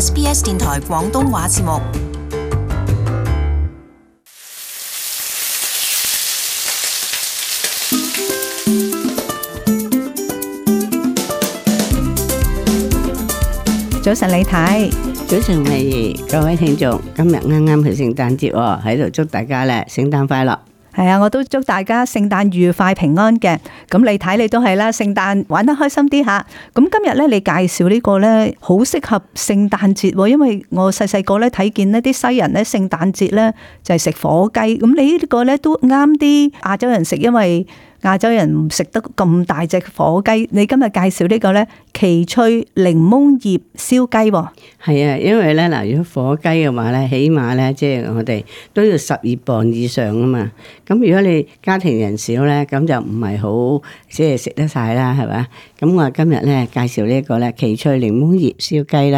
SBS 電台廣東話節目。早晨李太，早晨係各位聽眾，今日啱啱係聖誕節喎，喺度祝大家咧聖誕快樂。係啊，我都祝大家聖誕愉快、平安嘅。咁你睇你都係啦，聖誕玩得開心啲吓。咁今日咧，你介紹呢個咧，好適合聖誕節。因為我細細個咧睇見呢啲西人咧聖誕節咧就係食火雞。咁你呢個咧都啱啲亞洲人食，因為。亞洲人唔食得咁大隻火雞，你今日介紹呢個咧奇趣檸檬葉燒雞喎？係啊，因為咧嗱，如果火雞嘅話咧，起碼咧即係我哋都要十二磅以上啊嘛。咁如果你家庭人少咧，咁就唔係好即係食得晒啦，係嘛？咁我今日介紹呢、這、一個奇趣檸檬葉燒雞，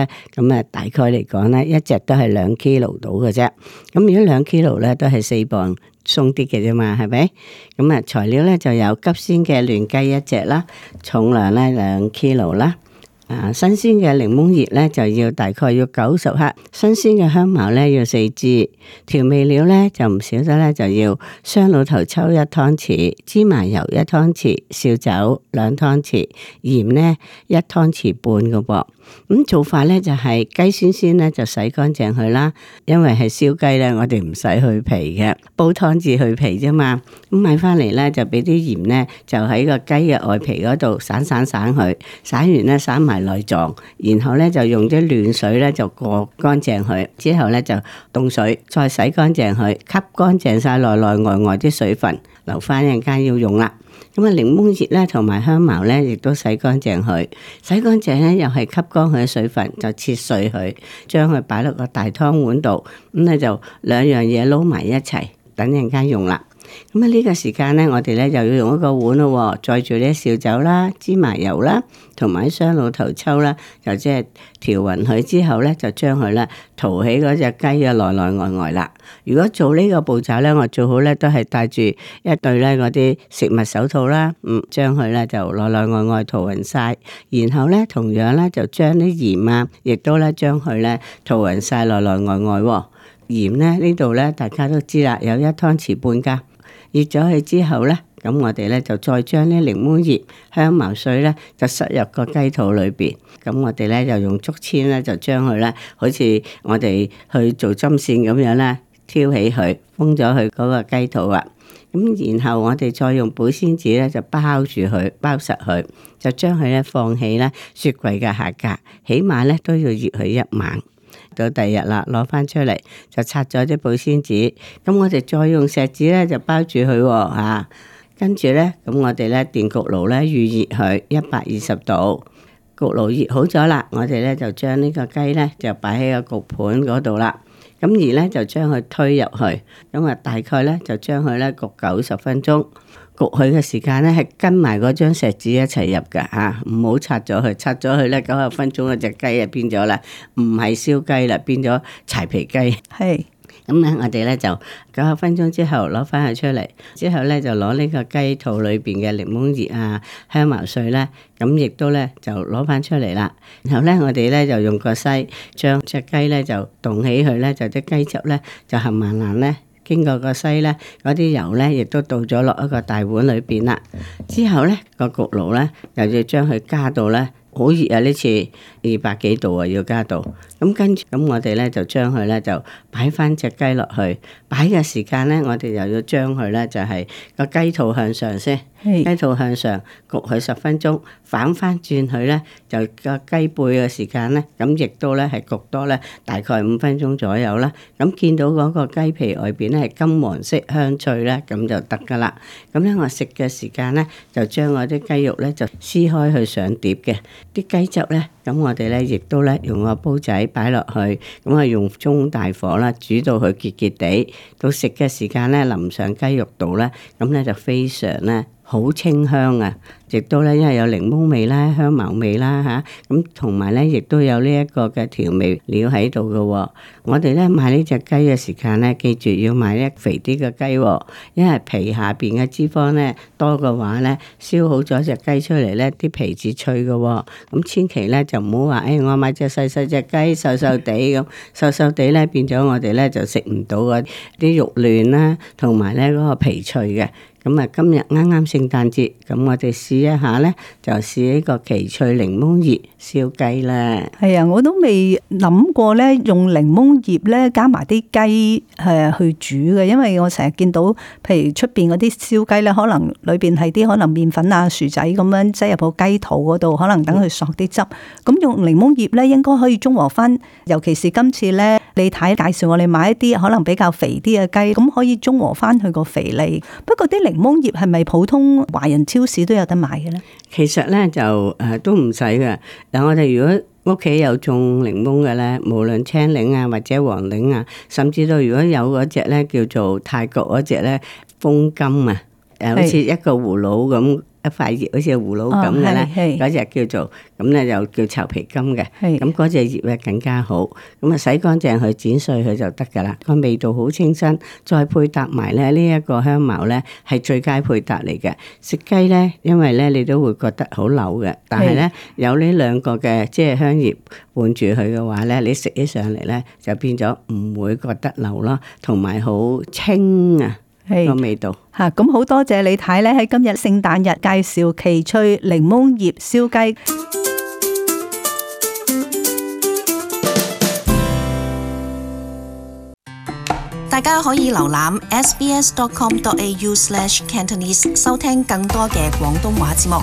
大概嚟講一隻都係兩 kilo 到嘅啫。咁如果兩 kilo 都係四磅鬆啲嘅啫嘛，係咪？咁材料咧，就有急鮮嘅嫩雞一隻啦，重量咧兩 kilo 啦。啊！新鮮嘅檸檬葉咧就要大概要九十克，新鮮嘅香茅咧要四支。調味料咧就唔少得咧，就要雙老頭抽一湯匙，芝麻油一湯匙，紹酒兩湯匙，鹽咧一湯匙半嘅噃。咁做法咧就係、是、雞先先咧就洗乾淨佢啦，因為係燒雞咧，我哋唔使去皮嘅，煲湯至去皮啫嘛。咁買翻嚟咧就俾啲鹽咧，就喺個雞嘅外皮嗰度散散散佢，散完咧散埋。散內臟，然後咧就用啲暖水咧就過乾淨佢，之後咧就凍水再洗乾淨佢，吸乾淨晒內內外外啲水分，留翻陣間要用啦。咁、嗯、啊，檸檬葉咧同埋香茅咧亦都洗乾淨佢，洗乾淨咧又係吸乾佢嘅水分，就切碎佢，將佢擺落個大湯碗度，咁、嗯、咧就兩樣嘢撈埋一齊，等陣間用啦。咁啊呢個時間呢，我哋呢又要用一個碗啦，載住啲紹酒啦、芝麻油啦，同埋啲雙老頭抽啦，就即係調勻佢之後呢，就將佢呢塗喺嗰隻雞嘅內內外外啦。如果做呢個步驟呢，我最好呢都係戴住一對呢嗰啲食物手套啦，嗯，將佢呢就內內外外塗勻晒。然後呢，同樣呢就將啲鹽啊，亦都呢將佢呢塗勻晒內內外外。鹽呢呢度呢，大家都知啦，有一湯匙半㗎。熱咗佢之後咧，咁我哋咧就再將啲檸檬葉、香茅水咧，就塞入個雞肚裏邊。咁我哋咧就用竹籤咧，就將佢咧，好似我哋去做針線咁樣咧，挑起佢，封咗佢嗰個雞肚啊。咁然後我哋再用保鮮紙咧，就包住佢，包實佢，就將佢咧放喺咧雪櫃嘅下格，起碼咧都要熱佢一晚。到第二日啦，攞翻出嚟就拆咗啲保鮮紙，咁我哋再用錫紙咧就包住佢吓、哦啊，跟住咧咁我哋咧電焗爐咧預熱佢一百二十度，焗爐熱好咗啦，我哋咧就將呢個雞咧就擺喺個焗盤嗰度啦。咁而咧就將佢推入去，咁、嗯、啊大概咧就將佢咧焗九十分鐘，焗佢嘅時間咧係跟埋嗰張錫紙一齊入噶吓，唔、啊、好拆咗佢，拆咗佢咧九十分鐘啊隻雞就變咗啦，唔係燒雞啦，變咗柴皮雞。係。咁咧，我哋咧就九十分鐘之後攞翻佢出嚟，之後咧就攞呢個雞肚裏邊嘅檸檬葉啊、香茅碎咧，咁亦都咧就攞翻出嚟啦。然後咧，我哋咧就用個篩將隻雞咧就凍起佢咧，就啲雞汁咧就冚唪唥咧，經過個篩咧，嗰啲油咧亦都倒咗落一個大碗裏邊啦。之後咧，個焗爐咧又要將佢加到咧。好熱啊！呢次二百幾度啊，要加度。咁、嗯、跟住，咁、嗯、我哋呢就將佢呢就擺返隻雞落去。擺嘅時間呢，我哋又要將佢呢就係、是這個雞肚向上先。雞肚 Hey. 向上焗佢十分鐘，反翻轉佢咧就個雞背嘅時間咧，咁亦都咧係焗多咧大概五分鐘左右啦。咁見到嗰個雞皮外邊咧係金黃色香脆咧，咁就得㗎喇。咁咧我食嘅時間咧就將我啲雞肉咧就撕開去上碟嘅，啲雞汁咧。咁我哋咧，亦都咧用個煲仔擺落去，咁啊用中大火啦，煮到佢結結地，到食嘅時間咧淋上雞肉度咧，咁咧就非常咧好清香啊！亦都咧，因為有檸檬味啦、香茅味啦嚇，咁同埋咧，亦都有呢一個嘅調味料喺度嘅。我哋咧買呢隻雞嘅時間咧，記住要買肥一肥啲嘅雞，哦，因為皮下邊嘅脂肪咧多嘅話咧，燒好咗隻雞出嚟咧，啲皮子脆嘅，哦。咁、嗯、千祈咧就唔好話，誒、哎、我買隻細細隻雞，瘦瘦地咁，瘦瘦地咧變咗我哋咧就食唔到啊啲肉嫩啦、啊，同埋咧嗰個皮脆嘅。咁啊，今日啱啱聖誕節，咁我哋試一下呢就試呢個奇趣檸檬葉燒雞啦。係啊，我都未諗過咧，用檸檬葉咧加埋啲雞誒去煮嘅，因為我成日見到，譬如出邊嗰啲燒雞呢可能裏邊係啲可能麵粉啊、薯仔咁樣擠入個雞肚嗰度，可能等佢索啲汁。咁的用檸檬葉呢應該可以中和翻，尤其是今次呢，你太介紹我哋買一啲可能比較肥啲嘅雞，咁可以中和翻佢個肥膩。不過啲檸。檸檬葉係咪普通華人超市都有得買嘅咧？其實咧就誒、啊、都唔使嘅。但我哋如果屋企有種檸檬嘅咧，無論青檸啊或者黃檸啊，甚至到如果有嗰隻咧叫做泰國嗰隻咧風金啊，誒好似一個葫蘆咁。一塊葉好似葫蘆咁嘅咧，嗰隻叫做咁咧，又叫臭皮金嘅，咁嗰隻葉咧更加好。咁啊，洗乾淨佢剪碎佢就得噶啦。個味道好清新，再配搭埋咧呢一個香茅咧，係最佳配搭嚟嘅。食雞咧，因為咧你都會覺得好扭嘅，但係咧有呢兩個嘅即係香葉伴住佢嘅話咧，你食起上嚟咧就變咗唔會覺得扭囉，同埋好清啊！有味道嚇！咁好多謝李太咧，喺今日聖誕日介紹奇趣檸檬葉燒雞，大家可以瀏覽 sbs.com.au/cantonese 收聽更多嘅廣東話節目。